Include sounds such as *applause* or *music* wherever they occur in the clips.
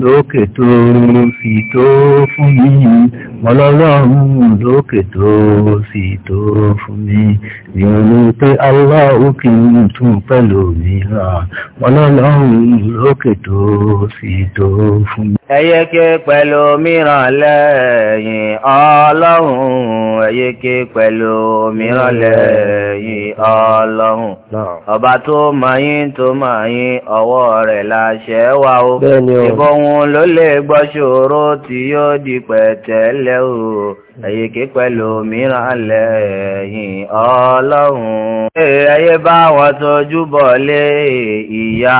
lókè tó sì tó fún mi ọlọ́lọ́run lókè tó sì tó fún mi ní olóòpé aláòkè tún pẹ̀lú mìíràn ọlọ́lọ́run lókè tó sì tó fún mi. ẹyẹkẹ pẹ̀lú mìíràn lẹ́yìn ọlọ́run ẹyẹkẹ pẹ̀lú mìíràn lẹ́yìn ọlọ́run ọba tó mọ̀ tó mọ̀ ọwọ́ rẹ̀ láṣẹ wà ó ìbọn òun ló lè gbọ́ ṣòro tí yóò di pẹ̀tẹ́lẹ̀ o àyíké pẹ̀lú mìíràn lẹ́yìn ọlọ́run. ayé bá wọn tójú bọ̀ lé ìyá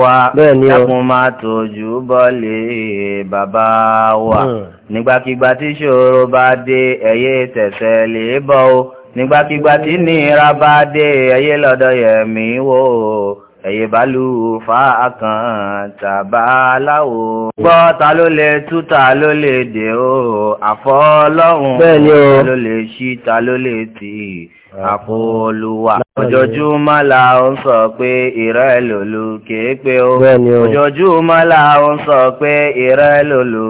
wa ẹkùn máa tójú bọ̀ lé bàbá wa hmm. nígbàkigbà tí ṣòro bá dé ẹ̀yẹ tẹ̀sẹ̀ lè bọ̀ o nígbàkigbà tí nira bá dé ẹ̀yẹ lọ́dọ̀ yẹ̀mí wò ìbálù fa akàn tàbá láwo. gbọ́ ta ló lè tú ta ló lè dè o àfọ́ bẹ́ẹ̀ ni o. ta ló lè ṣí ta ló lè tì àpò Ojoju la ó ń sọ pé ìrẹ́ lòlù kìí pé ó ojoojúmọ́ la ó ń sọ pé ìrẹ́ lòlù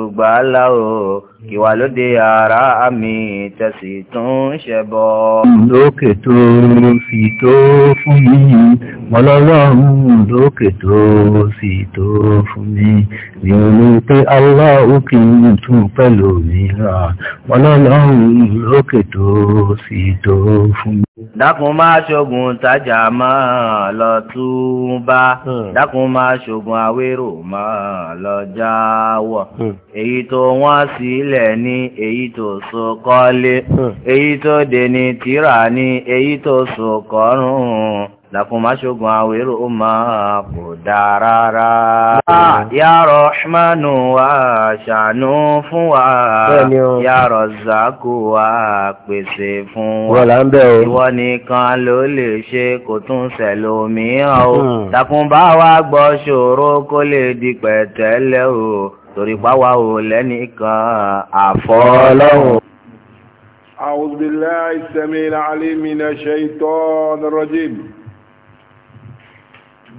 o kìwà lóde ara àmì tẹ̀sí tún ṣe bọ́. to tó fi tó fún mi mọ́lọ́lọ́run lókè tó fi tó fún mi mi ò ní pé aláwọ̀ kì í tún pẹ̀lú mi rà mọ́lọ́lọ́run lókè tó fi tó fún mi. dákun máa ṣogun ṣògùn tájà máa lọ túbá hmm. dákun máa ṣògùn àwérò máa lọ jáwọ́ hmm. èyí tó wọ́n sílẹ̀ ní èyí tó so kọ́lé hmm. èyí tó dé ní tírà ní èyí tó so kọ́rùn lakumaṣogun awero ah. o máa kò dáa rárá. ya rọ̀ṣmánù wa ṣàánú fún wa ya rọ̀zákù wa pèsè fún wa ìwọ nìkan ló lè ṣe kò tún sẹlòmíràn o hmm. takunbá wa gbọ́ ṣòro kó lè di pẹ̀tẹ́lẹ̀ o torí pàwà ò lẹ́nìkan àfọ́lọ́hùn. أعوذ بالله السميع العليم من الشيطان الرجيم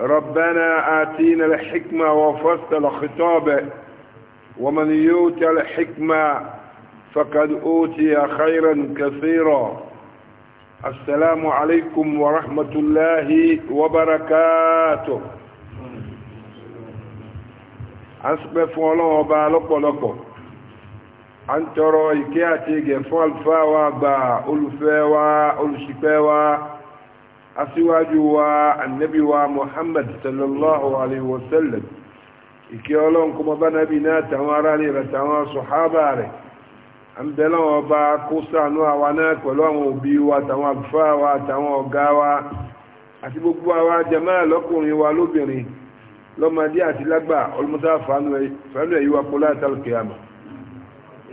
ربنا آتينا الحكمة وفصل خطابه ومن يؤتى الحكمة فقد أوتي خيرا كثيرا السلام عليكم ورحمة الله وبركاته أسمى فولان وبالك ولكم أن ترى إكياتي فالفا وبا ألفا وألشفا وألشفا aṣíwájú wa annabi wa muhammad sallallahu alaihi wasallam ìkẹ́ ọlọ́run kọmọ bá nábi náà tàwọn ará rẹ̀ rẹ̀ tàwọn sọ̀hábà rẹ̀ an bẹ̀rẹ̀ wọn bá kó sànú àwa náà pẹ̀lú àwọn òbí wa tàwọn àgbà wa tàwọn ọ̀gá wa àti gbogbo àwa jàmáà lọ́kùnrin wa lóbìnrin lọ́mọdé àti lágbà ọlọ́mọdé fàánù ẹ̀yí wa kólá tàlùkì àmà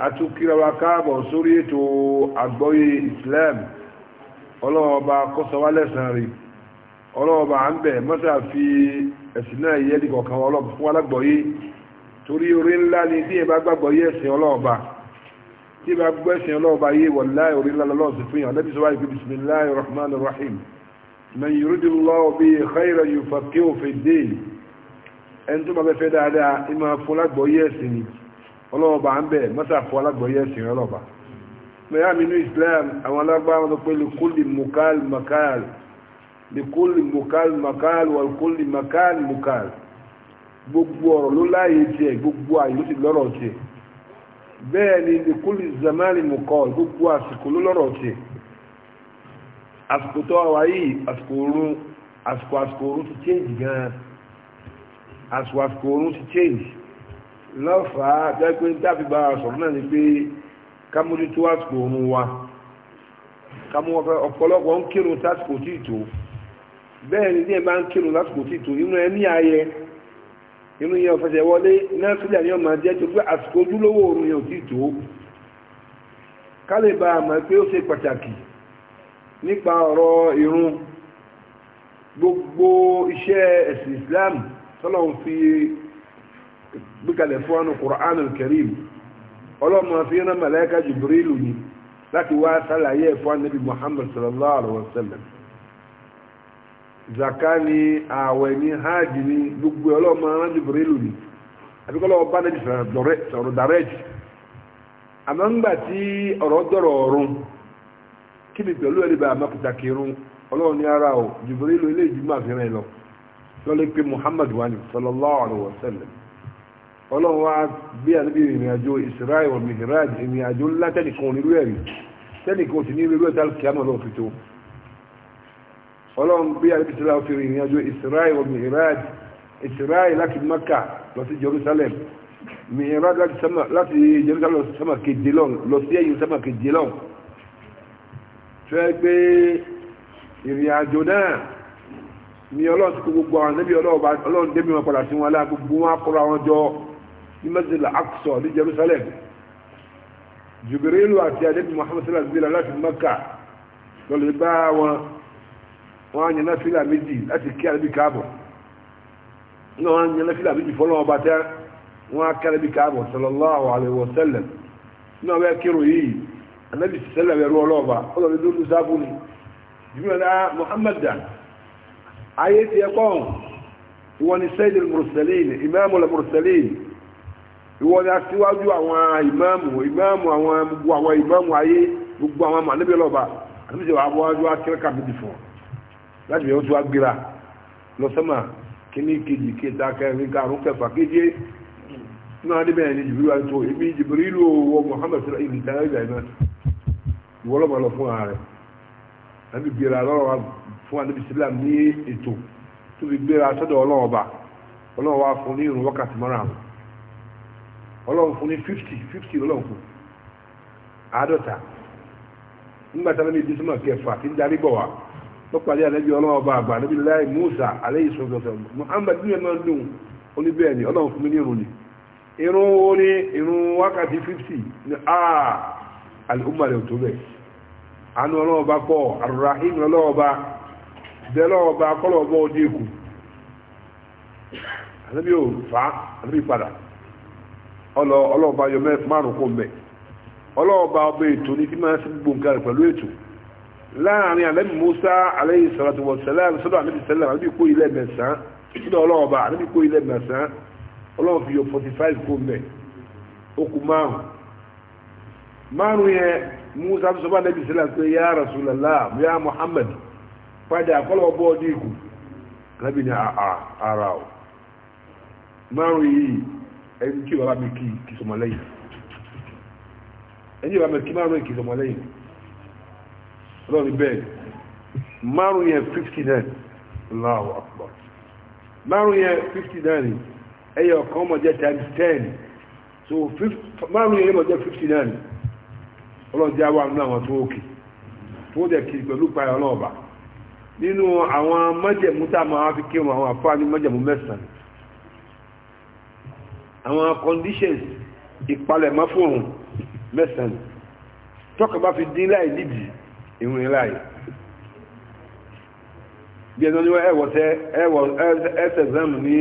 àtúkìrà wa káàbọ̀ sórí ètò àgbọ́yé islam ọlọ́ọ̀ba kọ́sọ̀wálẹ̀sàn rí ọlọ́ọ̀ba à ń bẹ̀ mọ́tà fi ẹ̀sìn náà yẹ́ di kọ̀ọ̀kan ọlọ́ọ̀ba fún alágbọ̀yé torí orí ńlá ni tí ìbá gbàgbọ́ yé ẹ̀sìn ọlọ́ọ̀ba tí ìbá gbọ́ ẹ̀sìn ọlọ́ọ̀ba yé wàláì orí ńlá lọ́wọ́ sí fún yàn lẹ́bi sọ́wọ́ ìpè bisimilahi rahman rahim man yuridu llahu bihi khayran yufaqihu fid-din ẹni tó máa fẹ́ dáadáa ìmọ̀ fún alágbọ̀yé ẹ̀sìn ni ọlọ́ọ̀ba à ń bẹ̀ mọ́tà fún alágbọ̀yé ẹ̀sìn ọlọ́ọ̀ba yá mi islam àwọn alágbára sọ pé likuli mukal makal likuli mukal makal wà likuli makal mukal gbogbo ọ̀rọ̀ ló láàyè tiẹ̀ gbogbo àyè ló sì lọ́rọ̀ tiẹ̀ bẹ́ẹ̀ ni likuli zamani mukal gbogbo àsìkò ló lọ́rọ̀ tiẹ̀ àsìkò tó wà yìí àsìkò oorun àsìkò àsìkò oorun ti change gan-an àsìkò àsìkò oorun ti change lọ́fàá jẹ́ pé dábìbára sọ̀rọ̀ náà ni pé kámójútó àsìkò òun wa kámójútó ọ̀pọ̀lọpọ̀ ń kírun sásìkò tí ìtò bẹ́ẹ̀ ni díẹ̀ bá ń kírun lásìkò tí ìtò inú ẹ ní ayẹ inú yẹn ọ̀fẹ́sẹ̀ wọlé náà sílẹ̀ ní ọmọ tó pé àsìkò ojúlówó òun yẹn ò tí ìtò kálíbà àmọ́ pé ó ṣe pàtàkì nípa ọ̀rọ̀ irun gbogbo iṣẹ́ ẹ̀sìn Islam tọ́lọ́ fi gbékalẹ̀ fún àwọn Qur'an al-Karim ọlọ́mọ fi rán màláíkà Jibrilu ni láti wá sálàyé ẹ̀fọ́ anábì Muhammad sallallahu alaihi wa sallam zaka ni ààwẹ̀ ni hajj ni gbogbo ọlọ́mọ ni ti sọ̀rọ̀ dàrẹ́jì àmọ́ ńgbà tí ọ̀rọ̀ dọ̀rọ̀ ọ̀run kí ni pẹ̀lú ẹni bá àmàkùtà kírun ọlọ́run ní ara ò Jibrilu ilé ìjùmọ̀ àfihàn ẹ̀ lọ lọ́lẹ́ pé Muhammad wani sallallahu alaihi wa sallam ọlọ́run wá gbé àníbí ìrìn àjò Israel wal Mi'raj ìrìn àjò ńlá tẹ́nìkan onírú ẹ̀rí tẹ́nìkan òsì ní irú ẹ̀dá kíámọ̀ lọ́wọ́ fi tó ọlọ́run gbé àníbí Israel fi ìrìn àjò Israel wal Mi'raj Israel láti Maka lọ sí Jerusalem Mi'raj láti Jerusalem sẹ́mà keje lọ́n lọ sí ẹ̀yìn sẹ́mà keje lọ́n tó ẹ gbé ìrìn àjò náà ni ọlọ́run ti kó gbogbo àwọn ọlọ́run débi wọn padà sí wọn lá gbogbo wọn akọrọ àwọn jọ ní mẹ́sìlẹ̀ Aqsa ní Jerusalem Jibrilu àti adébí Muhammad sallallahu alaihi wa sallam láti Mẹ́kà lọ́lẹ̀ bá wọn wọn á yẹn náfìlà méjì láti kí àdébí káàbọ̀ ní wọn á yẹn náfìlà méjì fọlọ́ ọba tẹ́ wọn á kí àdébí káàbọ̀ sallallahu alaihi wa sallam ní wọn bẹ kírun yìí àdébí sẹlẹ̀ bẹ rú ọlọ́ọ̀ba ọlọ́ọ̀bẹ tó lù sáfù ni jùmọ̀lá muhammad dan ayé ti ẹ̀kọ́ ìwọ̀n ni sayyid al-mursalin imam al-mursalin ìwọ ni aṣíwájú àwọn ìmáàmù ìmáàmù àwọn gbogbo àwọn ìmáàmù ayé gbogbo àwọn ọmọ àníbi ọlọ́ba àníbi ìwà àbọ̀wájú akẹ́kọ̀ọ́ àbídì fún ọ láti ìyẹn ó tún wá gbéra lọ sọ́mà kíní kejì kẹta kẹrin karùn kẹfà keje náà níbẹ̀ ni jìbìrì wa tó ebi jìbìrì ìlú owó Muhammad sọlá ìlú ìtàn ẹgbẹ́ iná ìwọ lọ́mọ lọ fún ààrẹ àbí gbéra lọ́rọ̀ wa fún àníbi sílám ní ètò tó fi gbéra sọ́dọ̀ ọlọ́wọ́ ba ọlọ́wọ́ wa fún ní ìrùn wákàtí márùn-ún ọlọ́run fún ní fifty fifty ọlọ́run fún àádọ́ta nígbà tí alábi bísímà kẹfà tí ń darí bọ̀ wá ọlọ́run ọba àgbà níbi láì Musa aleyhi sọ̀tọ̀tọ̀ Muhammad nínú ẹ̀ máa ń dùn oníbẹ̀ẹ́ni ọlọ́run fún mi ní n'i irun wo ni irun wákàtí fifty ni aa ah, alùpùpù rẹ̀ tó ọlọ́run pọ̀ arahim ọlọ́run bẹ́ẹ̀ ọlọ ọlọ́ọ̀ba yọ márùn kó mbẹ ọlọ́ọ̀ba ọba ètò ní tí máa ń gbogbo nǹkan rẹ̀ pẹ̀lú ètò láàrin alẹ́ musa aleyhi salatu wa sọ́dọ̀ àmì sẹ́lẹ̀ àmì kó ilẹ̀ mẹ́sàn sọ́dọ̀ ọlọ́ọ̀ba àmì kó ilẹ̀ mẹ́sàn ọlọ́ọ̀ fi yọ forty five ẹni tí bàbá mi kì í sọmọlẹ́yìn ẹni tí bàbá mi kì í márùn kì í sọmọlẹ́yìn ọlọ́run bẹ́ẹ̀ márùn yẹn fifty nine Allahu Akbar márùn yẹn fifty nine ẹyẹ ọ̀kan ọmọ jẹ́ times ten so márùn yẹn ọmọ jẹ́ fifty nine ọlọ́run jẹ́ àwọn àmì àwọn tó òkè tó dẹ̀ kiri pẹ̀lú payọ̀ ọlọ́ọ̀bà nínú àwọn májẹ̀mú tá a máa fi kírun àwọn àfáà ní májẹ̀mú mẹ́sàn-án àwọn conditions ìpalẹ̀mọ́ fún òun mẹ́sàn-án tọ́kà bá fi dín láì nídìí ìrùn láì bí ẹ̀nà níwọ̀ ẹ̀wọ̀sẹ̀ ẹ̀sẹ̀ exam ní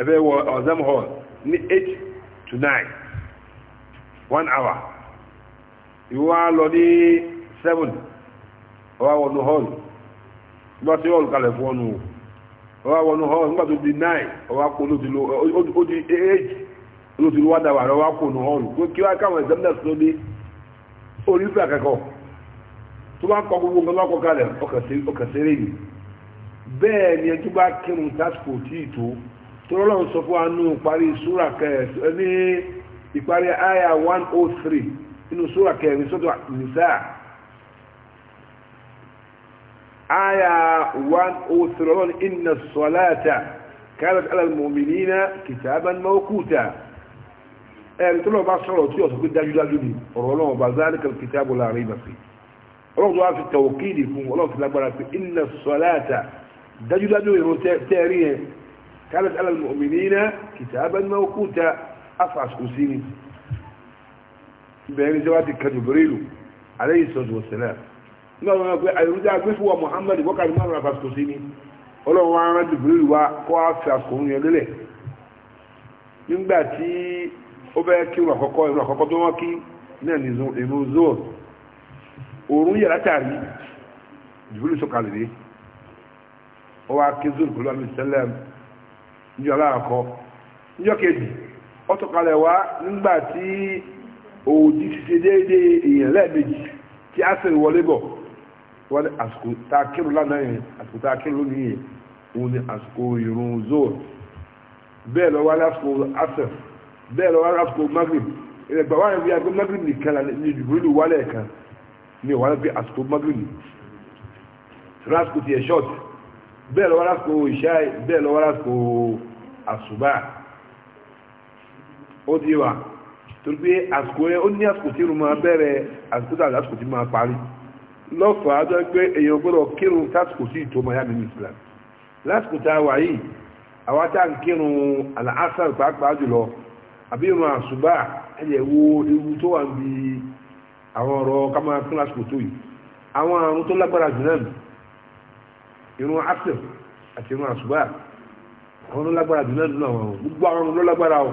ẹ̀fẹ́wọ̀ exam hall ní 8 to 9 one hour ìwọ́ á lọ ní 7 ọwọ́ àwọn hall bí wọ́n ti hall kalẹ̀ fún ọ̀nà òun ọwọ́ wọnú hall nígbà tó di nine ọwọ́ akó olódìlú odi eight olódìlú wà dáwà ọwọ́ akó nù hall kí wá káwọn examiners ló dé onífẹ́ akẹ́kọ̀ọ́ tó bá kọ gbogbo nǹkan lọ́kọ̀ kalẹ̀ ọkàn sẹ́rẹ́ yìí bẹ́ẹ̀ ni ẹjú bá kírun tásìkò tí ì tó tó lọ́lọ́run sọ fún wa parí súrà kẹrẹ̀ ní ìparí àyà one oh three nínú súrà kẹrẹ̀ ní sọ́tọ̀ nìsáà آية 103 إن الصلاة كانت على المؤمنين كتابا موقوتا ẹ̀rì tó lọ bá sọ̀rọ̀ tí ọ̀sọ̀ pé dájúdájú ni ọ̀rọ̀ ọlọ́run bá záàríkà kìtàbù láàrin ìmọ̀ sí ọlọ́run tó wá fi tawkili fún ọlọ́run fi lágbára pé inna salata dájúdájú ìrún tẹ́ẹ̀rí yẹn kanat ala al kitaban mawquta afàṣkù sí ni ìbẹ̀rẹ̀ ní sẹ́wà alayhi salatu wassalam lọ́wọ́ wọn pé àyọ̀rúdá agbẹ́fọ́wà Muhammad wọ́kàtí márùn-ún àbàsìkò sí ni ọlọ́run wa rán Jibril wa kọ́ àfi àsìkò òun yẹn lélẹ̀ nígbà tí ó bẹ́ kí ìrù àkọ́kọ́ ìrù àkọ́kọ́ tó wọ́n kí náà ní ìrù zoon òórùn yàrá tààrí Jibril sọ̀kalẹ̀ dé ó wá kí zoon pẹ̀lú àmì sẹ́lẹ̀m níjọ́ aláàkọ́ níjọ́ kejì ó sọ̀kalẹ̀ wá nígbà tí òòjì ti ṣe déédéé èèyàn lẹ́ẹ̀mejì tí á sì wọlé bọ̀ wọ́n ní àsìkò tá a kírun lánàá yẹn àsìkò tá a kírun lónìí yẹn òun ni àsìkò ìrun zoor bẹ́ẹ̀ lọ́wọ́ aláṣọ asẹ̀ bẹ́ẹ̀ lọ́wọ́ aláṣọ magrib ìrẹ̀gbà wáyé wíyá pé magrib nìkan ní ìdìbòlù wálẹ̀ kan ní ìwà pé àsìkò magrib lásìkò tiẹ̀ short bẹ́ẹ̀ lọ́wọ́ aláṣọ ìṣá bẹ́ẹ̀ lọ́wọ́ aláṣọ àṣùbà ó ti wà torí pé àsìkò yẹn ó ní àsìkò tí lọ́fà ájọ́ pé èyàn gbọ́dọ̀ kírun tásìkò sí ìtòmọ̀ ya nínú Islam lásìkò tá a wà yìí àwa tá à ń kírun àlàásàn pàápàá jùlọ àbí irun àṣùbà ẹ̀yẹ̀ wo ewu tó wà ń bi àwọn ọ̀rọ̀ ká máa fún lásìkò tó yìí àwọn àrùn tó lágbára jù náà irun asir àti irun àṣùbà àwọn tó lágbára jù náà nínú àwọn gbogbo àwọn ọ̀rọ̀ lágbára o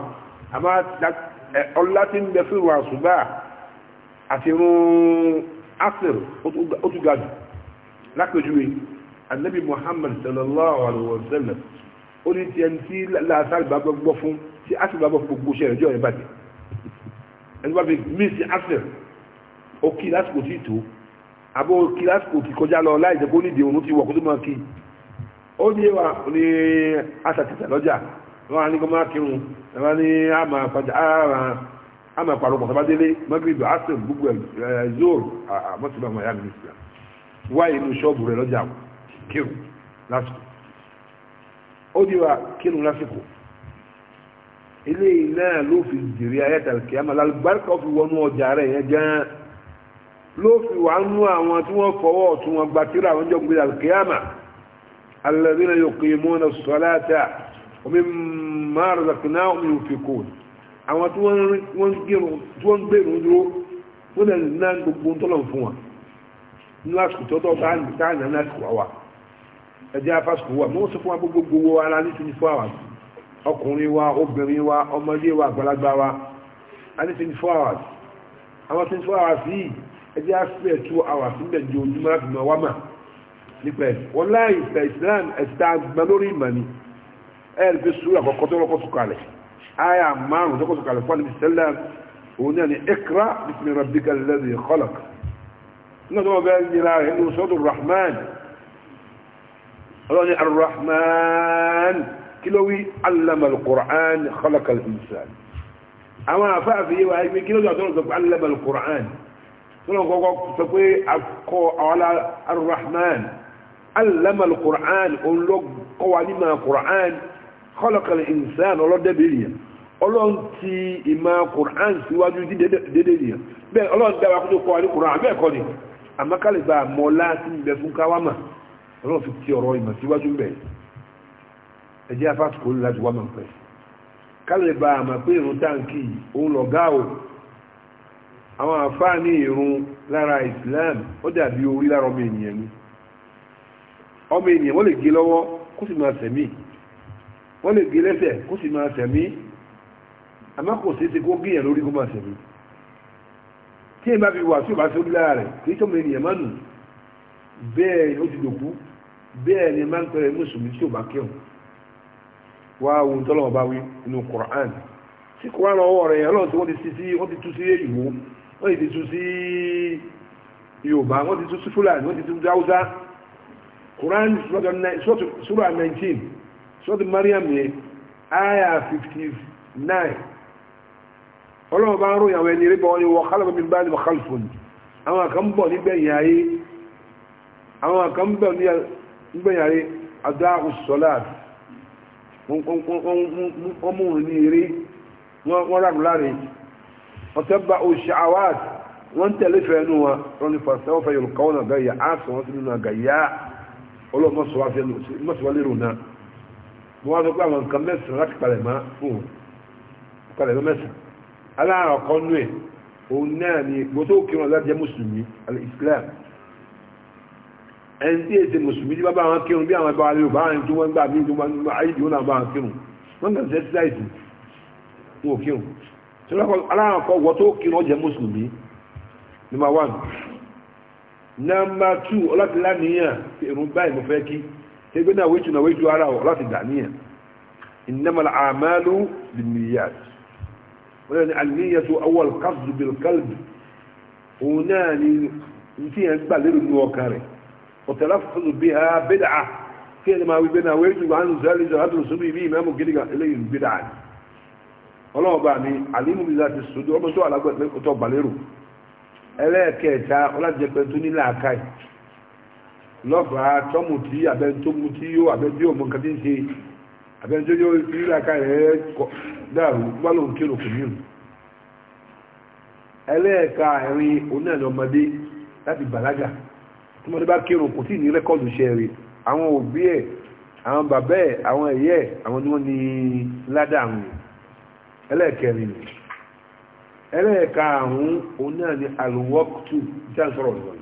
àmọ́ ń bẹ fún irun àṣùbà àti irun asir ó tún ga jù lápèjúwe anabi muhammad sallallahu alayhi wa sallam ó ní tiẹ̀ ní tí làásàrì bá gbọ́ fún tí asir bá gbọ́ fún gbogbo ṣẹlẹ̀ ọjọ́ yẹn bàjẹ́ ẹni bá fi mí sí asir ó kí lásìkò tí tó àbó kí lásìkò tí kọjá lọ láì jẹ́ kó ní ìdíwọ̀n ti wọ̀ kó tó máa kí ó ní wa ní asàtìtà lọ́jà wọn á ní kó máa kírun wọn á ní àmà àpàjà àrà ama paro ko sabadele magribu asr gbogbo zor mọsiba ọmọ ya mi islam wá inú ṣọ́ọ̀bù rẹ̀ lọ́jà kírun lásìkò ó di wa kírun lásìkò ilé náà ló fi jèrè ayẹtàlì kìámà lálùbáríkà ó fi wọnú ọjà rẹ̀ yẹn gan ló fi wà nú àwọn tí wọ́n fọwọ́ ọ̀tún wọn gbàtíra àwọn jọ gbé alkìámà alladhina yuqimuna as-salata wa mimma razaqnahum yunfiqun àwọn tí wọ́n ń gbèrò dúró wọ́n lè ná gbogbo tọ́lọ̀ fún wa ní lásìkò tọ́tọ́ bá ní káàná lásìkò àwà ẹjẹ́ afásìkò wà mọ́ sọ fún wa gbogbo wa ara ní 24 hours ọkùnrin wa obìnrin wa ọmọdé wa àgbàlagbà wa a ní 24 hours àwọn 24 hours yìí ẹjẹ́ afẹ́ 2 hours níbẹ̀ di ojúmọ́ láti mọ̀ wá mà nípa ẹ̀ wọ́n láì ìsìlẹ̀ Islam ẹ̀sìtà gbà lórí ìmọ̀ ni ẹ̀ẹ́dẹ́gbẹ́sùn àkọ́kọ́ tó lọ́kọ́ sùkàlẹ̀ aya márùn tó kọsọ kàlùfà níbi sẹlẹ òun náà ni ikra bismi rabbika alladhi khalaq nígbà tó wọn bẹ nira rẹ nínú sọdọ rahman ọlọ́ni arrahman kí ló wí allama alquran khalaqa al àwọn afáàfin yìí wà ní kí sọ kọlọkọlọ ìnsán ọlọ́dẹ́bẹ̀rẹ̀ yẹn ọlọ́run ti ìmọ̀ kùrán síwájú dédé yẹn bẹ́ẹ̀ ọlọ́run dára kó tó kọ́ ní kùrán abẹ́ ẹ̀kọ́ ni àmọ́kálẹ̀bà mọ́ láti ibẹ̀ fún káwámà ọlọ́run fi ti ọ̀rọ̀ síwájú láti àmà pé irun Islam ó dàbí orí lára ọmọ ènìyàn ni ọmọ ènìyàn lè gé lọwọ kó sì wọ́n lè gé lẹ́sẹ̀ kó sì máa sẹ̀mí àmọ́ kò sí ti kó gíyàn lórí kó máa sẹ̀mí tí èèyàn bá fi wà tí ò bá sórí lára rẹ̀ kì í tọ́mọ ènìyàn máa nù bẹ́ẹ̀ ó ti dòkú bẹ́ẹ̀ ni máa ń pẹ́rẹ́ mùsùlùmí tí ò bá kírun wá ohun tọ́lọ́wọ́ bá wí inú Qur'an tí Qur'an ọwọ́ rẹ̀ ọlọ́run tí wọ́n ti sí wọ́n ti tú sí èyíwó wọ́n ti tú sí Yorùbá wọ́n ti tú sí Fúlàní wọ́n ti tú sí Haúsá Qur'an sura 19 sọ́tù Mariam yẹn aya 59 ọlọ́run bá ń ròyìn àwọn ẹni rébọ̀ ọyọ wọ́kálọ̀ mi bá ní wọ́kálfòn àwọn kan bọ̀ nígbẹ̀yìn ayé àwọn kan bọ̀ nígbẹ̀yìn ayé adáhù sọ́láàt wọ́n mú ní eré wọ́n rà láre ọ̀tẹ́ bá oṣù àwáàt wọ́n tẹ̀lé fẹ́ẹ́nu wọn wọ́n ní fàṣẹ́wọ́fẹ́ yorùkọ́ wọn àgáyà á sọ wọn sí nínú àgáyà ọlọ́run mọ́sọ̀wá lérò náà mo wá sọ pé àwọn nǹkan mẹ́sàn-án láti palẹ̀ mọ́ fún palẹ̀ mọ́ mẹ́sàn-án aláàkọ́ nú ẹ̀ òun náà ni gbọ́tò kírun láti jẹ́ mùsùlùmí islam ẹni tí èsè mùsùlùmí tí bá bá wọn kírun bí àwọn ẹgbẹ́ alẹ́ òbá àwọn tí wọ́n gbà bí ìjọba ayé ìdíwọ́n náà bá wọn kírun wọ́n kàn sí ẹ́tíláìsì wọn ò kírun tí wọ́n aláàkọ́ gbọ́tò kírun ó jẹ́ mùsùlùmí number one number two ọlọ́tìlá nìyàn èrò báyìí mo fẹ́ kí ẹgbẹ́ náà wéjú náà wéjú ara ọ̀ láti dàníyàn innamal a'malu binniyat wọ́n yẹn ni al-niyyatu awwal qasd bil òun náà ni tí yẹn gbà lérò ní ọkàn rẹ̀ وتلفظ بها بدعة كلمة بنا ويجب عن ذلك هذا الصبي به ọlọ́wọ́ bá mi láti ọmọ tó lọ́fàá tọ́mùtí abẹ́ntómùtí yóò abẹ́ntí òmù nǹkan tí ń ṣe abẹ́ntí yóò fi ìlàkà rẹ̀ dàrú wálò ń kérò kò mírù ẹlẹ́ẹ̀ka ẹ̀rin onílẹ̀ ọmọdé láti bàlágà tí wọ́n bá kérò kò tí ní rẹ́kọ́ọ̀dù iṣẹ́ rẹ̀ àwọn òbí ẹ̀ àwọn bàbá ẹ̀ àwọn ẹ̀yẹ́ ẹ̀ àwọn ni wọ́n ní ládà àrùn ẹlẹ́ẹ̀kẹrin ẹlẹ́ẹ̀ka àrùn onílẹ̀ àlùwọ́kùtù tí a ń sọ̀rọ̀ ìwọ̀nyí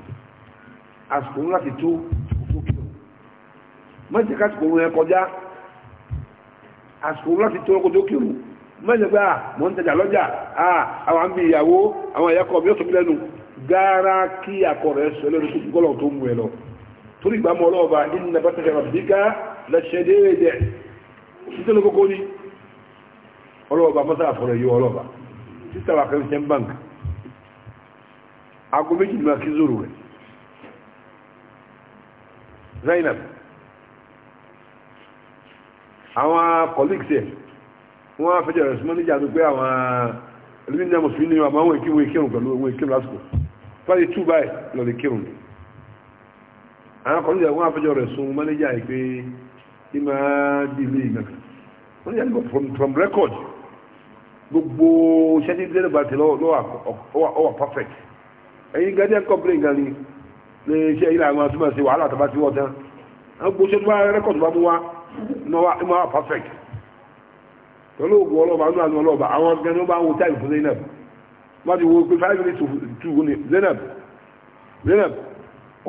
àsìkò láti tó òkúkì lọ mẹ́jẹ̀ kásìkò rẹ̀ kọjá àsìkò láti tó ọkọ̀ tó kìrù mẹ́jẹ̀ pé à mọ́ ń tẹjà lọ́jà àwọn àmì ìyàwó àwọn ìyàkọ̀ mi ó tó lẹ́nu gáárá kí àkọ rẹ̀ sọ lẹ́nu tó gbọ́lọ̀ tó mú ẹ lọ torí ìgbà mọ́ ọlọ́ọ̀bà nínú ẹgbẹ́ tẹ̀sẹ̀ rẹ̀ bíkà lẹ́sẹ̀ déédé títí ló kókó ní ọlọ́ọ̀bà mọ́tà àfọ̀rẹ̀ yìí ọlọ́ọ̀bà kí zoro rẹ̀ Zainab àwọn colleagues ẹ̀ wọ́n fẹ́jọ́ rẹ̀ súnmọ́ níjà pé àwọn olùmínà mùsùlùmí ni àwọn ìkí wọn ìkírun pẹ̀lú owó ìkírun lásìkò fáyé tú báyìí lọ lè kírun ni àwọn colleagues ẹ̀ wọ́n fẹ́jọ́ rẹ̀ súnmọ́ níjà pé kí máa di ilé ìgbà wọ́n níjà nípa from from record gbogbo ṣẹ́ni dẹ́rẹ́bà tẹ̀lé ọwà perfect ẹ̀yin gadian complain gan ni ní iṣẹ́ ilé àwọn túmọ̀ sí wàhálà tàbá tí wọ́n tán wọ́n gbóṣe tó bá rẹ́kọ̀dù bá mú wá ní wọ́n wá perfect pẹ̀lú ògùn ọlọ́ba ní àwọn ọlọ́ba àwọn gan ló bá ń wo táìmù fún Zainab wọ́n ti wo pé five minutes of go ni Zainab Zainab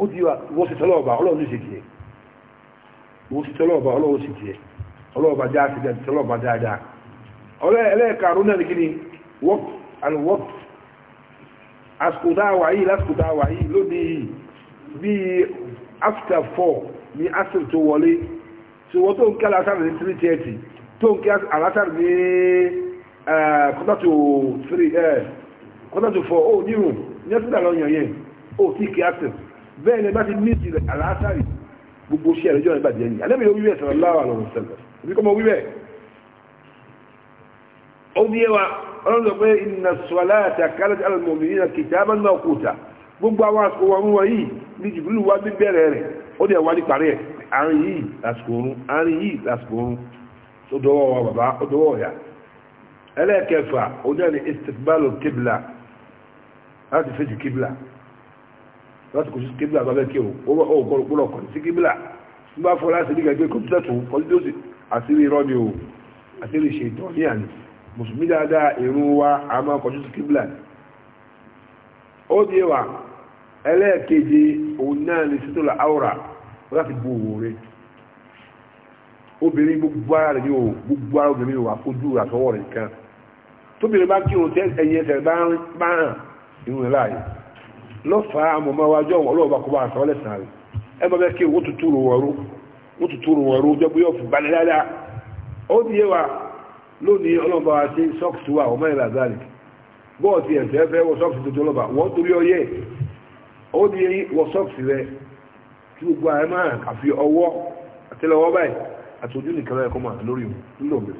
ó ti wá wọ́n ti tọ́lọ́ ọba ọlọ́run ṣe tiẹ̀ wọ́n ti tọ́lọ́ ọba ọlọ́run ṣe tiẹ̀ ọlọ́ọba já sí jẹ́ tọ́lọ́ọba dáadáa ọlọ́ ẹlẹ́ẹ̀karùn náà nìkí ni work and work asukùtà wà yìí lásìkùtà wà yìí lónìí yìí bíi after four ní asir tó wọlé So wọ́n tó ń kí alásàrì ní three thirty tó ń kí alásàrì ní quarter to three quarter to four ó oh, nírun ní ẹsẹ̀ ìdàlọ́ yàn yẹn ó oh, tí kí asir bẹ́ẹ̀ ni bá ti ní ìjìnlẹ̀ alásàrì gbogbo ṣe àrẹjọ́ nígbà díẹ̀ ni alẹ́bí ló wíwẹ̀ sọ̀rọ̀ láwà lọ́rùn sẹ́lẹ̀ ibi kọ́ mọ wíwẹ̀ ó ní ẹwà ọlọ́run sọ pé inna salata kanat alal mu'minina kitaban mawquta gbogbo àwọn àsìkò wọn wọ̀nyí ní jìbìlù wá ní bẹ̀rẹ̀ rẹ̀ ó dẹ̀ wá ní parí ẹ̀ àárín yìí lásìkò oorun àárín yìí lásìkò oorun tó dọwọ́ wa bàbá ó dọwọ́ ọ̀yà ẹlẹ́ẹ̀kẹfà ó dẹ̀ ní istikbalu kibla láti fèjì kibla láti kò sí kibla bàbá kí o ó gbọ́dọ̀ kúrò kọ̀ sí kibla nígbà fọlá sí ní gẹ́gẹ́ kọ́mpútà tó kọjú tó sì àṣírí irọ́ ni o àṣírí ṣe ìtọ́ ní àná mùsùlùmí dáadáa ìrun wa a máa kọjú sí kibla ó di wa ele òun náà ni sítò àwòrà láti bu òwò rẹ̀ obìnrin gbogbo ara rẹ̀ yóò gbogbo ara obìnrin wà fojú àtọwọ́ rẹ̀ kan tóbìnrin bá kí òun tẹ ẹyin ẹsẹ̀ bá ń bá hàn irun rẹ̀ láàyè lọ́fàá ọ̀wọ́ bá rẹ̀ ẹ bá bẹ́ kí òun ọrụ rò wọ̀rú ó tutù rò wọ̀rú jẹ́ bóyá ọ̀fù balẹ̀ dáadáa ó di wa lónìí wa ṣe sọ́ọ̀kì ọmọ ìlà wọ sọ́ọ̀kì tuntun wọ́n torí ó di wɔ sọ́ọ̀sì rẹ tí gbogbo ààrẹ máa ɔwɔ ọwọ́ àtẹ́lẹwọ́ báyìí àti ojú nìkan láyé kọ́ máa lórí nílò mi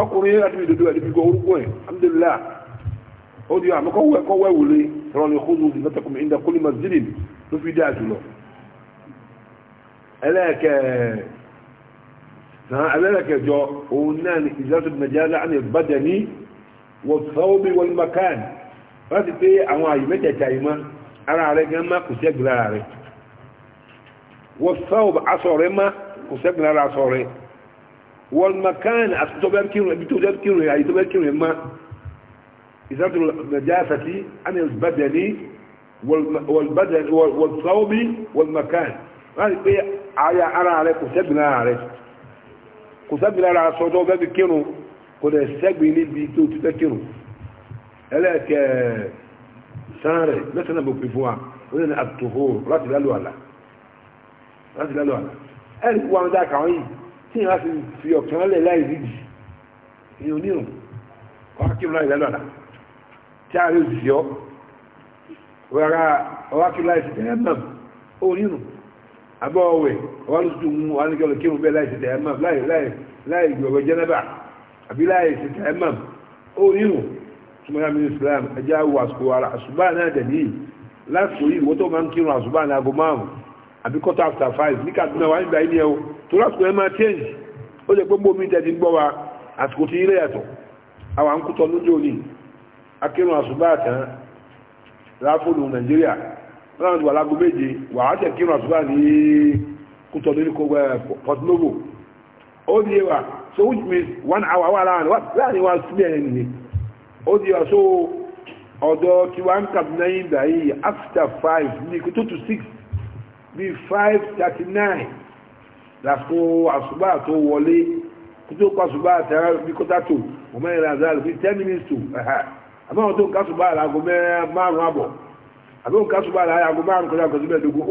ọkùnrin láti fi dodo ẹ̀ níbi gbọ́ orúkọ ẹ̀ alhamdulillah ó di àmọ́kọ́ wẹ̀ kọ́ wẹ̀ wòlé sọ̀rọ̀ ní kóso ní lọ́tọ̀kùn mi ìdá ló fi dáa jùlọ ẹlẹ́ẹ̀kẹ́ ẹlẹ́ẹ̀kẹjọ òun náà ni ìjọ́sọ̀ nàìjíríà ní ìbàdàn ní wọ́n sọ́ọ́bí wọn ara rẹ̀ gan má kò sẹ́gbẹ̀ lára rẹ̀ wọ́n sọ́ọ̀bù aṣọ rẹ̀ má kò sẹ́gbẹ̀ lára aṣọ rẹ̀ wọ́n makán àti tó bẹ́ẹ̀ kírun ẹbí tó bẹ́ẹ̀ kírun àyè tó bẹ́ẹ̀ kírun ẹ̀ má ìsàtò nàjásàtì àni ìbàdàní wọ́n sọ́ọ̀bù wọ́n makán wọ́n rí pé ara rẹ̀ kò sẹ́gbẹ̀ lára rẹ̀ kò sẹ́gbẹ̀ lára aṣọ kírun kò dẹ̀ sẹ́gbẹ̀ níbi tó ti bẹ́ẹ̀ kírun ẹlẹ́kẹ̀ẹ́ sáré mẹ́sàn-án bò pè fún wa ó lè ní àtòhó láti lálù àlà láti lálù àlà ẹni kó wọn dáa kàwọn yìí tí ìyá fi fi ọ̀kan lẹ̀ láì rídì ní oníhùn wọn kí wọn láì lálù àlà tí a rí òsìsì ọ rárá ọwá kí láì sí tẹ́yẹ́mọ̀m ó nínú abọ́ ọwẹ̀ ọwá ló tún mú wọn kí kí wọn bẹ́ẹ̀ láì sí tẹ́yẹ́mọ̀m láì láì láì gbọ̀gbọ̀ jẹ́nẹ́bà àbí láì sí tẹ́yẹ́mọ̀m ó nínú súnmọ́yà mi islam ẹjẹ́ àwọ̀ àsùkò ara àsùbá náà dẹ̀ ní lásìkò yìí wọ́n tó máa ń kírun àsùbá náà aago márùn àbí quarter after five ní Kaduna wà nígbà ilé ẹ̀ o tó lásìkò ẹ̀ máa change ó jẹ́ pé bómi tẹ̀sí gbọ́ wa àsìkò ti ilé yàtọ̀ àwọn àǹkútọ̀ lójú òní akírun àsùbá àtàn láfóònù Nàìjíríà láwọn ìwà lágbo méje wà á tẹ̀ kírun àsùbá ní kútọ̀ lórí Port Novo ó ní wa so which means one hour wà láàrin wà sílẹ̀ ẹni ó di ọ̀ṣọ́ ọ̀dọ̀ tí wọ́n kàbí náírà ìgbà yìí after five ní kí to six bíi five thirty nine lásìkò àṣùbà to wọlé kuto tó kọ́ àṣùbà àtàrà bí kọ́tà tó wọ́n mẹ́rin làzà ten minutes to àmọ́ àwọn tó ń kásùbà àlàgò márùn-ún àbọ̀ àbí òun kásùbà àlàgò márùn-ún kọjá kọjá bẹ́ẹ̀ dogun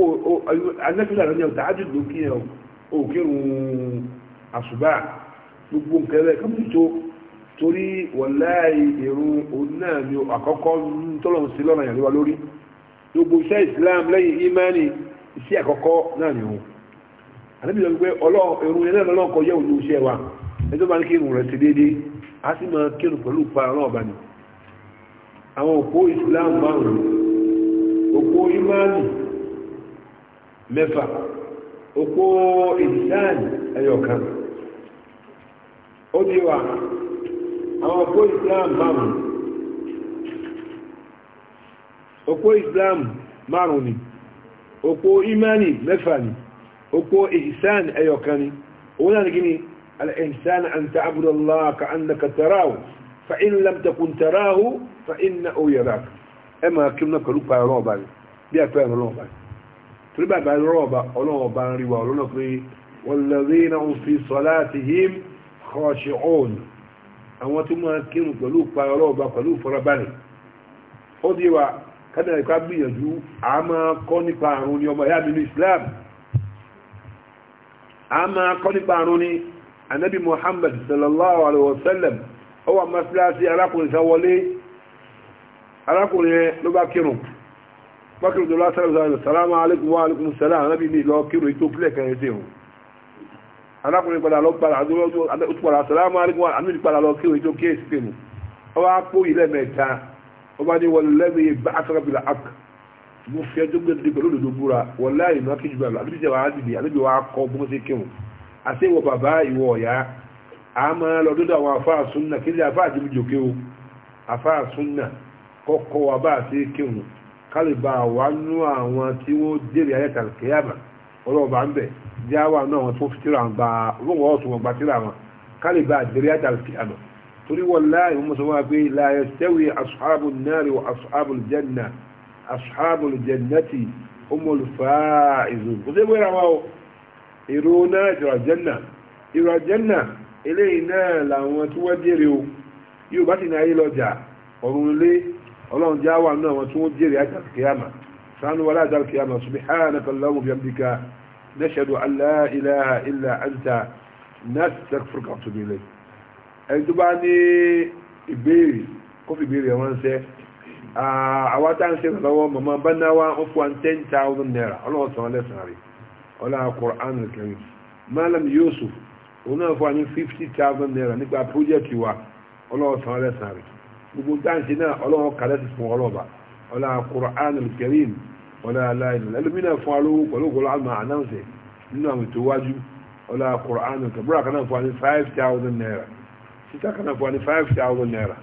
anẹ́fílà lọ́nyẹ̀ ọ̀tá àjùdò kí ẹ̀ òkèrún àṣùbà gbogbo nǹkan rẹ̀ kàmú tó torí wọ̀láì ìrun òun àkọ́kọ́ tọ́lọ̀hún sí lọ́nà ìyàlẹ́wà lórí gbogbo iṣẹ́ islam lẹ́yìn imani iṣẹ́ àkọ́kọ́ náà ni òun àdébí lọ pé ìrun yẹn yẹ òun ní kírun rẹ̀ ti déédéé a sì máa kírun pẹ̀lú ìpara náà àwọn òpó wa àwọn òpó islam márùn òpó islam márùn ni òpó imani mẹ́fà ni òpó ihsan ẹyọkan ni òun náà gini al-ihsan an ta'budu allaha ka annaka tarahu fa in lam takun tarahu fa innahu ẹ máa kí wọn pẹ̀lú pa ọlọ́ọ̀bá ni bí ẹ̀pẹ́ ọlọ́ọ̀bá àwọn tó máa kírun pẹ̀lú ìpayà ọlọ́ọ̀bà pẹ̀lú ìfọ̀rọ̀balẹ̀ ó di wa kádàá ìpá gbìyànjú a máa kọ́ nípa àrùn ní ọmọ ìyá mi ní Islam a máa kọ́ nípa àrùn ní anabi Muhammad sallallahu alaihi wa sallam ó wà mọ́síláṣí arákùnrin sáwọlé arákùnrin yẹn ló bá kírun bákìrì tó lásán salamu alaikum wa alaikum salam anabi ní ìlọ kírun ètò pílẹ̀ kan ẹ̀ arákùnrin padà lọ padà lọ́jọ́ òtúpọ̀lá sàlámù arígbọ́n àmìlì padà lọ kí òjò kí èsì pẹ̀lú ọwọ́ apó ilẹ̀ mẹ́ta ọba ní wọlé lẹ́yìn ìgbà àtọ́kọ̀bìlà ak mo fi ẹjọ́ gbé dídí pẹ̀lú òdòdó búra wọlé àyìnbá kí jù bàbá àbíbí tẹ̀wá dìbì àbíbí wa kọ́ bó ṣe kéwù àti ìwọ bàbá ìwọ ọ̀yá a máa lọ dọ́dọ̀ àwọn afáà súnà kí afáà àti ìjò kéwù afáà súnà kọ́kọ́ wa bá àti kéwù kálíbà wà nú àwọn tí wọ́n dèrè ọlọ́ọ̀bà ń bẹ̀ jáwà náà wọn tó fi tíra wọn gba olóńgbò ọ̀sùn wọn gba tíra wọn kálí bá àdérí àdàlùkì àná torí wọn láàyè wọn sọ wọn pé láàyè tẹ́wì asuhabu nari wa asuhabu janna asuhabu jannati ọmọlùfà ìzù kò sí wẹ́rẹ́ wa o èrò náà ìrọ̀ janna ìrọ̀ janna eléyìí náà làwọn tí wọ́n jèrè o yóò bá ti náà yé lọ́jà ọ̀run ilé ọlọ́run jáwà náà wọn tí wọ́n jèrè àdàlùkì àná سبحانه ولا ذا القيامة سبحانك اللهم بيمدك نشهد أن لا إله إلا أنت نستغفرك وأتوب إليك ẹni tó bá ní ìbéèrè kó fi ìbéèrè wọn ṣe àwa tá ń ṣe lọ́wọ́ mọ̀mọ́ bá náwá ó fún wa ten thousand naira ọlọ́wọ́ sàn lẹ́sàn rí ọlá Qur'an al-Karim Malam Yusuf òun náà fún wa ní fifty thousand naira nípa project wa ọlọ́wọ́ sàn lẹ́sàn rí gbogbo tá ń ṣe náà ọlọ́wọ́ kàlẹ́sì fún ọlọ́ba ọlá Qur'an al-Karim ọlá aláìní ẹlòmínà fún alówó pẹ̀lú ògbọ́lọ́ àmà ànáǹsẹ̀ nínú àwọn ètò iwájú ọlá kùránù tẹ̀búrà kan náà fún wa ní five thousand naira sísá kan náà fún five thousand naira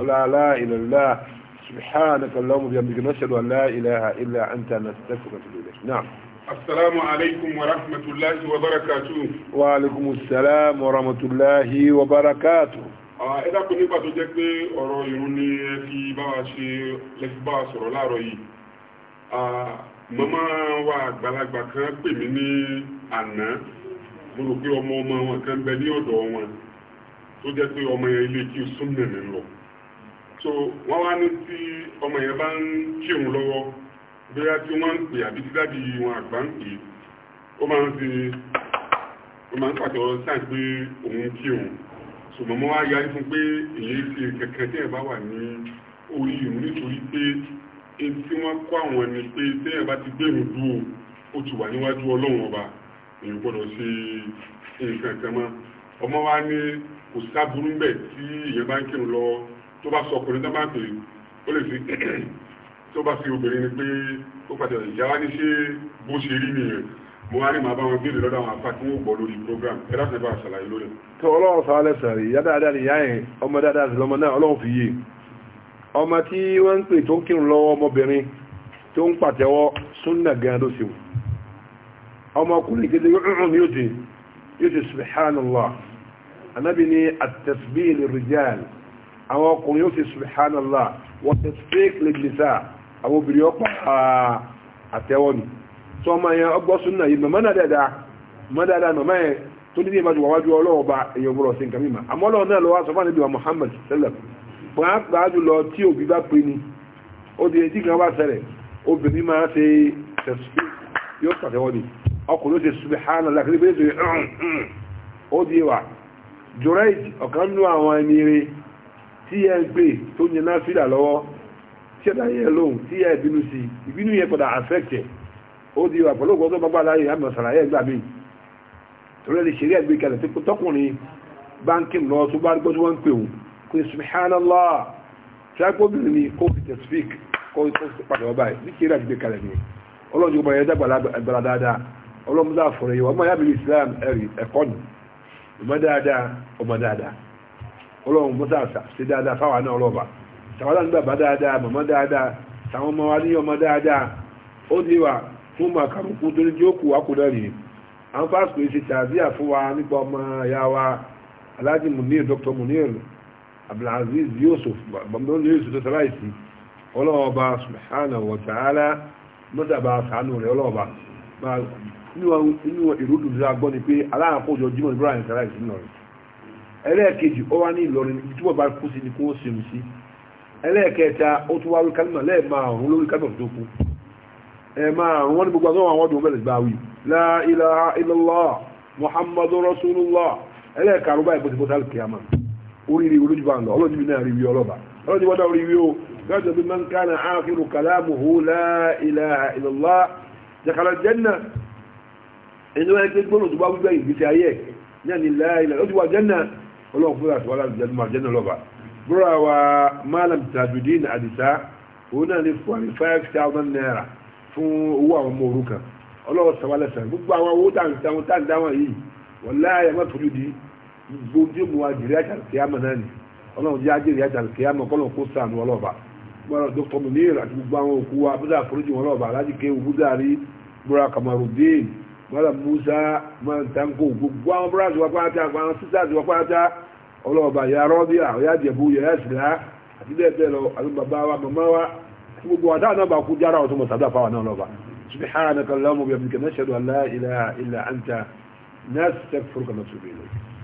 ọlá aláìní سبحانك اللهم وبحمدك نشهد ان لا اله الا انت نستغفرك ونتوب اليك نعم السلام عليكم ورحمة الله وبركاته وعليكم السلام ورحمة الله وبركاته ẹ̀dá kò nípa tó jẹ́ pé ọ̀rọ̀ ìrún ni ẹ fi bá wa ṣe lẹ́fi bá wa sọ̀rọ̀ láàárọ̀ yìí màmá wa àgbàlagbà kan pè mí ní àná mo rò pé ọmọ ọmọ wọn kan bẹ ní ọ̀dọ̀ wọn tó jẹ́ pé ọmọ yẹn ilé kí súnmọ́ mi lọ so wọ́n wá ní tí ọmọ yẹn bá ń kírun lọ́wọ́ bóyá tí wọ́n ń pè àbí dídádì wọn àgbà ń pè ó máa ń fi ó máa ń pàtẹ ọ̀rọ̀ sáà pé òun kírun ṣùgbọ́n mo wá yarí fún pé èyí ti kẹ̀kẹ́ tí ẹ̀ bá wà ní orí ìrún nítorí pé èyí tí wọ́n kọ́ àwọn ẹni pé téèyàn bá ti gbèrò dúró ó ti wà níwájú ọlọ́run ọba èyí gbọ́dọ̀ ṣe nǹkan kan mọ́ ọmọ wa ní kò sábúrú mbẹ tí èyàn bá ń kírun lọ tó bá sọ ọkùnrin tó bá ń pè ó lè fi *clears throat* tó bá fi obìnrin ni pé ó padà ìyá wa ní ṣe bó ṣe rí nìyẹn mo wá ní màá bá wọn béèrè lọ́dọ̀ àwọn afá tí wọ́n gbọ́ lórí program ẹ láti bá a ṣàlàyé lórí. tó ọlọ́run sọ alẹ́ sàrí ìyá dáadáa ni ìyá yẹn ọmọ dáadáa sí lọ́mọ náà ọlọ́run fi yé e ọmọ tí wọ́n ń pè tó ń kírun lọ́wọ́ ọmọbìnrin tó ń pàtẹ́wọ́ súnnà gan ló sì wù ọmọkùnrin gẹ́gẹ́ yóò yóò ti yóò ti subhanallah anábì ní at-tasbih lirrijal àwọn ọkùnrin yóò ti subhanallah wa tasbih lin-nisa ni tí ọmọ yẹn ọgbọ́ tó ní ní ìbájú wàwájú ọlọ́wọ́ bá sí nǹkan mímọ́ àmọ́ náà lọ́wọ́ sọ fún àníbíwá Muhammad pàápàá jùlọ tí òbí bá pè ní ó di etí kan bá ṣẹlẹ̀ obìnrin máa ṣe tẹ̀sùn yóò pàtẹ́wọ́ ni ọkùnrin ṣe subhanallah kí ló ṣe ó di wà jùrẹ́ìd ọ̀kan nú àwọn ẹni rẹ̀ tí ẹ ń pè tó yẹn náà fìlà lọ́wọ́ tí ẹ bá yẹ lóhùn tí ẹ bínú sí ìbínú yẹn padà affected ó di wà pẹ̀lú ògbọ́n tó bá gbà láyé àmọ̀ sàlàyé ẹgbà mi torí ẹni ṣeré ẹgbẹ́ kalẹ̀ tó tọkùnrin báńkì lọ tó bá gbọ́ tó wọ́n ń pè òun pé subhanallah tírápọ̀bìnrin ni kó fi tẹ̀sífík kó fi padà wọ́n báyìí ní kíra gbé kalẹ̀ ni ọlọ́run ọmọ yẹn dàgbà agbára dáadáa ọlọ́run mọ́tà fọ̀rọ̀ yìí ọmọ yàbí islam ẹ̀rì ẹ̀kọ́ ni ọmọ dáadáa ọmọ dáadáa ọlọ́run mọ́tà ṣe dáadáa fáwọn náà ọlọ́ba tàwọn àti bàbá dáadáa màmá dáadáa tàwọn ọmọ wa ní ọmọ dáadáa ó di wa fún mọ àkàrùnkù tó ní tí ó kù kú náà rèé àwọn fásitì ṣe tàbí àfún nípa ọmọ ìyá wa aláàjì munir dr munir abdulaziz yusuf bambam yusuf tó tẹ́lá ìsì ọlọ́ọ̀ba subhanahu wa ta'ala mọ́tàbà sànù rẹ̀ ọlọ́ọ̀ba inú ìrúdù tó gbọ́ ni pé aláàkójọ jimoh ibrahim tẹ́lá ìsì nínú rẹ̀ ẹlẹ́ẹ̀kejì ó wá ní ìlọrin ibi tí wọ́n bá kú sí ni kó sinmi sí ẹlẹ́ẹ̀kẹta ó tún wá wí kálímà lẹ́ẹ̀mà ọ̀run lórí kálímà tó kú ẹ̀ẹ̀mà ọ̀run wọ́n ní gbogbo àwọn ọdún bẹ̀rẹ̀ gbà wí la muhammadu rasulullah ẹlẹ́ẹ̀karùn-ún báyìí bó oríire olójúbà lọ ọlọ́dún náà rí wí ọlọ́ba ọlọ́dún wọ́n náà rí wí o gbọ́dọ̀ bí man kana akhiru kalamuhu la ilaha illallah dakhala janna ẹni wọ́n ẹgbẹ́ gbọ́dọ̀ tó bá wíwá ìgbésí ayé náà ní la ilaha ó ti wà janna ọlọ́run fúnra tó wà láti janna lọ́ba búra wa malam tajudeen adisa òun náà ní fún five thousand naira fún owó àwọn ọmọ òrukàn ọlọ́run sọ wá lẹ́sàn gbogbo àwọn owó táwọn táwọn yìí wọ́n láàyè má tójú di gbogbo tí ó mú wa jèrè àjàlùkè àmọ̀ náà ni ọlọ́run jẹ́ àjèrè àjàlùkè àmọ̀ kọ́lọ̀ kó sànù ọlọ́ọ̀bà gbọ́dọ̀ dókítà mi ní ìràtí gbogbo àwọn òkú wa búdà àforíjì wọn ọlọ́ọ̀bà aláàjì kéwù búdà rí búra kamarudin bọ́dà musa mọ̀ntàǹkó gbogbo àwọn búrasì wa pátá àwọn sísàsì wa pátá ọlọ́ọ̀bà yà rọ́bíà ọ̀yà jẹ̀bú yà ẹ̀sìlá àti bẹ́ẹ̀ bẹ́ẹ̀ lọ àti bàbá wa màmá wa àti gbogbo àdáà náà bá kú jára ọ̀tún mọ̀ sàdá fáwọn náà lọ́ba subhanaka allahumma wa bihamdika nashhadu an la ilaha illa anta نستغفرك ونتوب اليك